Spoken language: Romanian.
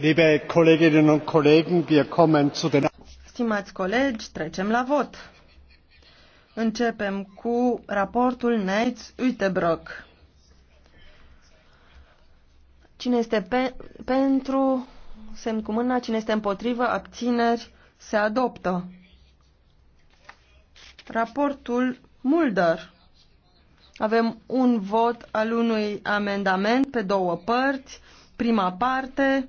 Liebe Kolleginnen und Kollegen, wir kommen zu den Stimați colegi, trecem la vot. Începem cu raportul Neitz Uitebrock. Cine este pe, pentru, semn cu mâna, cine este împotrivă, abțineri, se adoptă. Raportul Mulder. Avem un vot al unui amendament pe două părți. Prima parte,